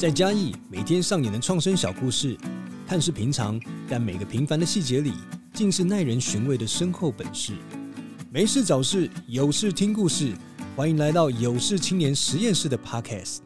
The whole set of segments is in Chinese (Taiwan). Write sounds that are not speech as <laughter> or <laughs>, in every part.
在嘉義，每天上演的創生小故事，看似平常，但每個平凡的細節裡，竟是耐人尋味的深厚本事。沒事找事，有事聽故事，歡迎來到有事青年實驗室的 Podcast。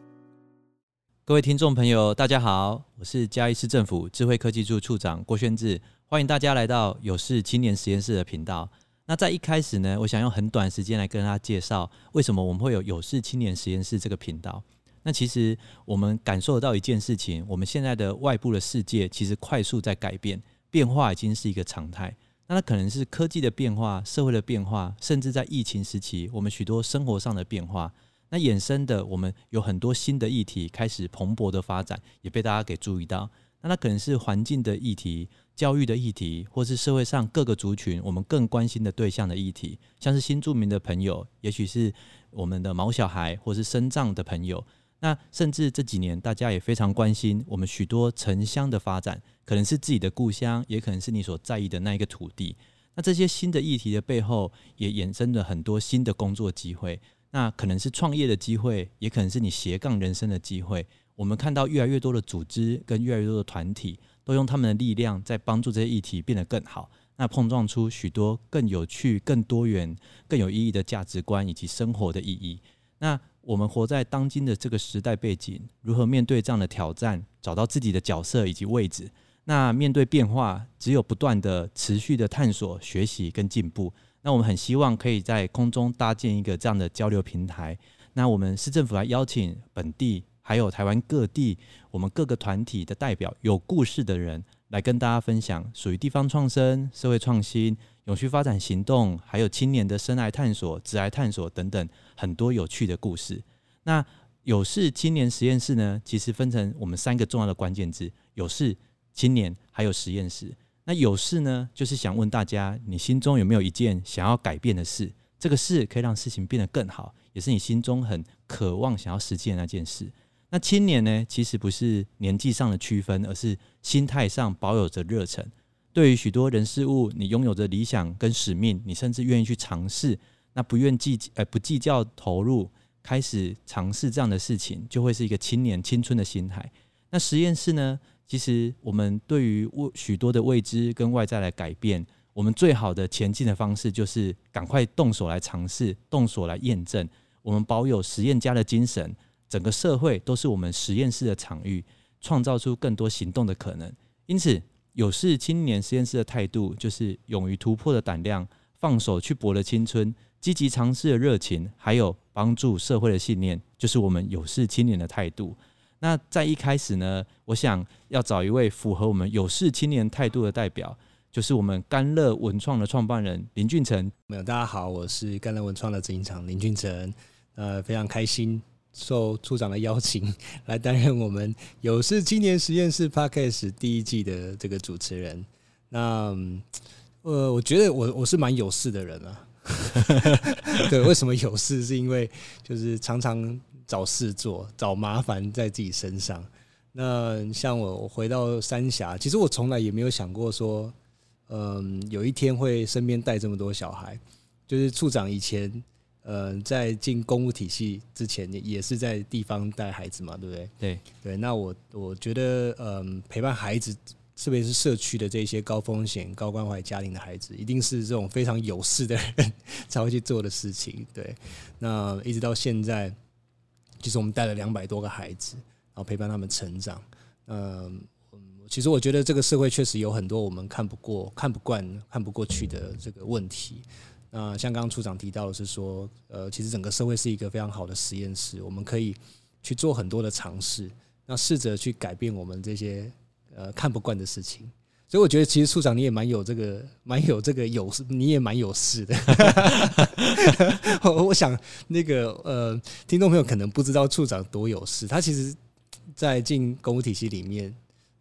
各位聽眾朋友，大家好，我是嘉義市政府智慧科技處處長郭軒志，歡迎大家來到有事青年實驗室的頻道。那在一開始呢，我想用很短時間來跟大家介紹，為什麼我們會有有事青年實驗室這個頻道。那其實我們感受到一件事情，我們現在的外部的世界其實快速在改變，變化已經是一個常態。那它可能是科技的變化、社會的變化，甚至在疫情時期，我們許多生活上的變化，那衍生的我們有很多新的議題開始蓬勃的發展，也被大家給注意到。那它可能是環境的議題、教育的議題，或是社會上各個族群我們更關心的對象的議題，像是新住民的朋友，也許是我們的毛小孩，或是身障的朋友。那甚至這幾年，大家也非常關心我們許多城鄉的發展，可能是自己的故鄉，也可能是你所在意的那一個土地。那這些新的議題的背後，也衍生了很多新的工作機會。那可能是創業的機會，也可能是你斜槓人生的機會。我們看到越來越多的組織跟越來越多的團體，都用他們的力量在幫助這些議題變得更好。那碰撞出許多更有趣、更多元、更有意義的價值觀以及生活的意義。那，我們活在當今的這個時代背景，如何面對這樣的挑戰，找到自己的角色以及位置？那面對變化，只有不斷的持續的探索、學習跟進步。那我們很希望可以在空中搭建一個這樣的交流平台。那我們市政府來邀請本地還有台灣各地我們各個團體的代表，有故事的人來跟大家分享屬於地方創生、社會創新。永續發展行動，還有青年的生涯探索、職涯探索等等，很多有趣的故事。那有事青年實驗室呢？其實分成我們三個重要的關鍵字：有事、青年，還有實驗室。那有事呢，就是想問大家，你心中有沒有一件想要改變的事？這個事可以讓事情變得更好，也是你心中很渴望想要實現的那件事。那青年呢，其實不是年紀上的區分，而是心態上保有着熱忱。對於許多人事物，你擁有着理想跟使命，你甚至願意去嘗試，那不願計，呃，不計較投入，開始嘗試這樣的事情，就會是一個青年青春的心態。那實驗室呢？其實我們對於未許多的未知跟外在來改變，我們最好的前進的方式就是趕快動手來嘗試，動手來驗證。我們保有實驗家的精神，整個社會都是我們實驗室的場域，創造出更多行動的可能。因此。有事青年實驗室的態度就是勇於突破的膽量，放手去搏的青春，積極嘗試的熱情，還有幫助社會的信念，就是我們有事青年的態度。那在一開始呢，我想要找一位符合我們有事青年態度的代表，就是我們甘樂文創的創辦人林峻丞。大家好，我是甘樂文創的執行長林峻丞，呃，非常開心。受處長的邀請來擔任我們有事青年實驗室 Podcast 第一季的這個主持人那。那呃，我覺得我我是蠻有事的人啊。 <laughs> 對，為什麼有事，是因為就是常常找事做，找麻煩在自己身上。那像我，我回到三峽，其實我從來也沒有想過說，嗯、呃，有一天會身邊帶這麼多小孩。就是處長以前。呃，在進公務體系之前，也是在地方帶孩子嘛，對不對？對對，那我我覺得，嗯、呃，陪伴孩子，特別是社區的這些高風險、高關懷家庭的孩子，一定是這種非常有事的人才會去做的事情。對，那一直到現在，就是我們帶了兩百多個孩子，然後陪伴他們成長。嗯、呃，其實我覺得這個社會確實有很多我們看不過、看不慣、看不過去的這個問題。嗯呃，像剛剛處長提到的是說，呃，其實整個社會是一個非常好的實驗室，我們可以去做很多的嘗試，那試着去改變我們這些呃看不慣的事情。所以我覺得，其實處長你也蠻有這個，蠻有這個有，你也蠻有事的。我 <laughs> <laughs> <laughs> 我想那個呃，聽眾朋友可能不知道處長多有事，他其實在進公務體系裡面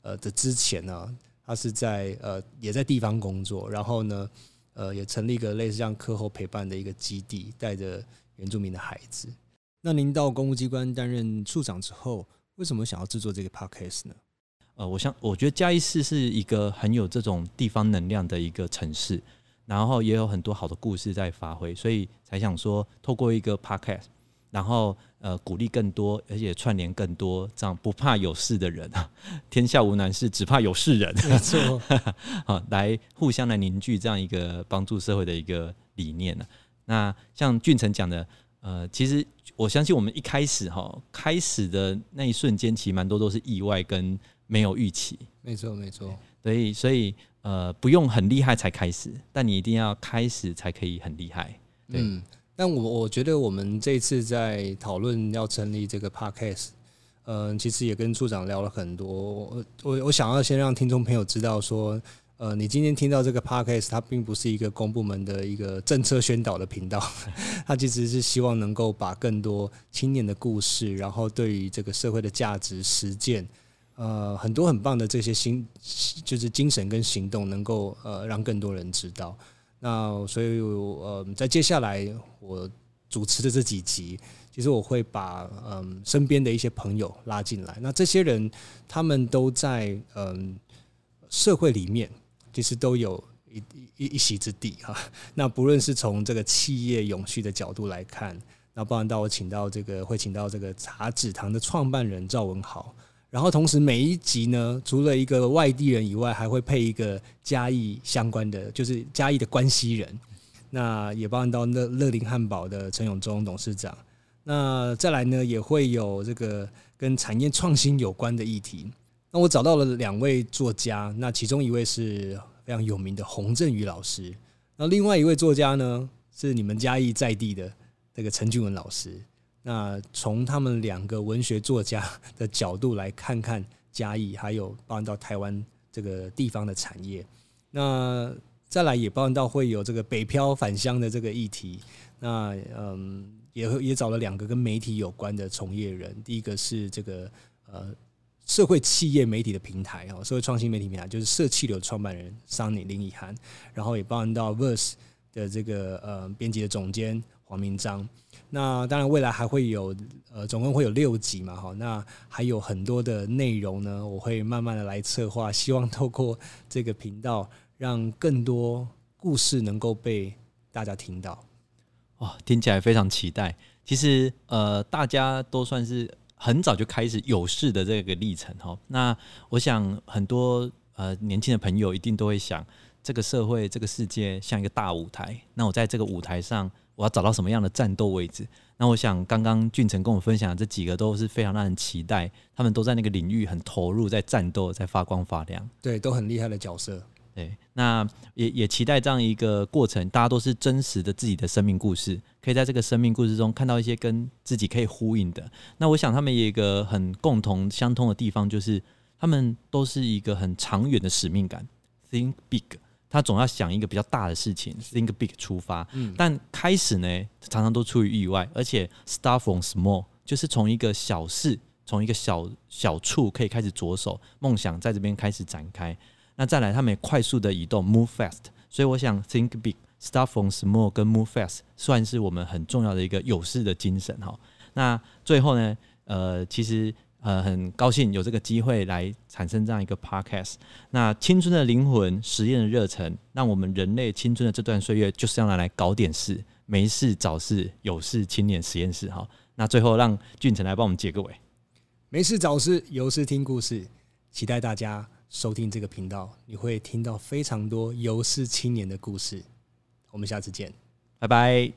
呃的之前呢、啊，他是在呃也在地方工作，然後呢。呃，也成立一個類似像課後陪伴的一個基地，帶着原住民的孩子。那您到公務機關擔任處長之後，為什麼想要制作這個 Podcast 呢？呃，我想，我覺得嘉義市是一個很有這種地方能量的一個城市，然後也有很多好的故事在發揮，所以才想說透過一個 Podcast。然後呃，鼓勵更多，而且串聯更多，這樣不怕有事的人，天下無難事，只怕有事人，沒錯，好，來互相來凝聚這樣一個幫助社會的一個理念呢。那像峻丞講的，呃，其實我相信我們一開始哈，開始的那一瞬間，其實蠻多都是意外跟沒有預期，沒錯沒錯。所以所以呃，不用很厲害才開始，但你一定要開始才可以很厲害，對。嗯但我我覺得我們這次在討論要成立這個 podcast，嗯、呃，其實也跟處長聊了很多。我我想要先讓聽眾朋友知道說，呃，你今天聽到這個 podcast，它並不是一個公部門的一個政策宣導的頻道， <laughs> 它其實是希望能夠把更多青年的故事，然後對於這個社會的價值實踐，呃，很多很棒的這些心就是精神跟行動能，能夠呃讓更多人知道。那所以，呃，在接下來我主持的這幾集，其實我會把嗯身邊的一些朋友拉進來。那這些人，他們都在嗯社會裡面，其實都有一一一席之地哈。那不論是從這個企業永續的角度來看，那不然到我請到這個會請到這個茶籽堂的創辦人趙文豪。然後同時，每一集呢，除了一個外地人以外，還會配一個嘉義相關的，就是嘉義的關係人。那也包含到樂樂林漢堡的陳永忠董事長。那再來呢，也會有這個跟產業創新有關的議題。那我找到了兩位作家，那其中一位是非常有名的洪振宇老師，那另外一位作家呢，是你們嘉義在地的那個陳俊文老師。那從他們兩個文學作家的角度來看看嘉義，還有包含到台灣這個地方的產業。那再來也包含到會有這個北漂返鄉的這個議題。那嗯，也也找了兩個跟媒體有關的從業人，第一個是這個呃社會企業媒體的平台哦，社會創新媒體平台就是社企流創辦人桑尼林以涵，然後也包含到 Verse 的這個呃編輯的總監。黃明章，那當然未來還會有，呃，總共會有六集嘛，哈，那還有很多的內容呢，我會慢慢的來策劃，希望透過這個頻道，讓更多故事能夠被大家聽到。哇，聽起來非常期待。其實，呃，大家都算是很早就開始有事的這個歷程，哈。那我想很多呃年輕的朋友一定都會想，這個社會，這個世界像一個大舞台，那我在這個舞台上。我要找到什麼樣的戰鬥位置？那我想，剛剛峻丞跟我分享的這幾個都是非常讓人期待，他們都在那個領域很投入，在戰鬥，在發光發亮，對，都很厲害的角色。對，那也也期待這樣一個過程，大家都是真實的自己的生命故事，可以在這個生命故事中看到一些跟自己可以呼應的。那我想，他們有一個很共同相通的地方，就是他們都是一個很長遠的使命感，Think Big。他總要想一個比較大的事情，think big 出發。嗯，但開始呢，常常都出於意外。而且 start from small 就是從一個小事，從一個小小處可以開始着手，夢想在這邊開始展開。那再來，他們快速的移動，move fast。所以，我想，think big，start from small 跟 move fast 算是我們很重要的一個有事的精神哈。那最後呢，呃，其實。呃，很高興有這個機會來產生這樣一個 podcast。那青春的靈魂，實驗的熱忱，讓我們人類青春的這段歲月就是要來搞點事，沒事找事，有事青年實驗室，好，那最後讓峻丞來幫我們結個尾：沒事找事，有事聽故事，期待大家收聽這個頻道，你會聽到非常多有事青年的故事。我們下次見，拜拜。